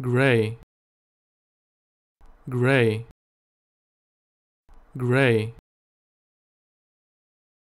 gray gray gray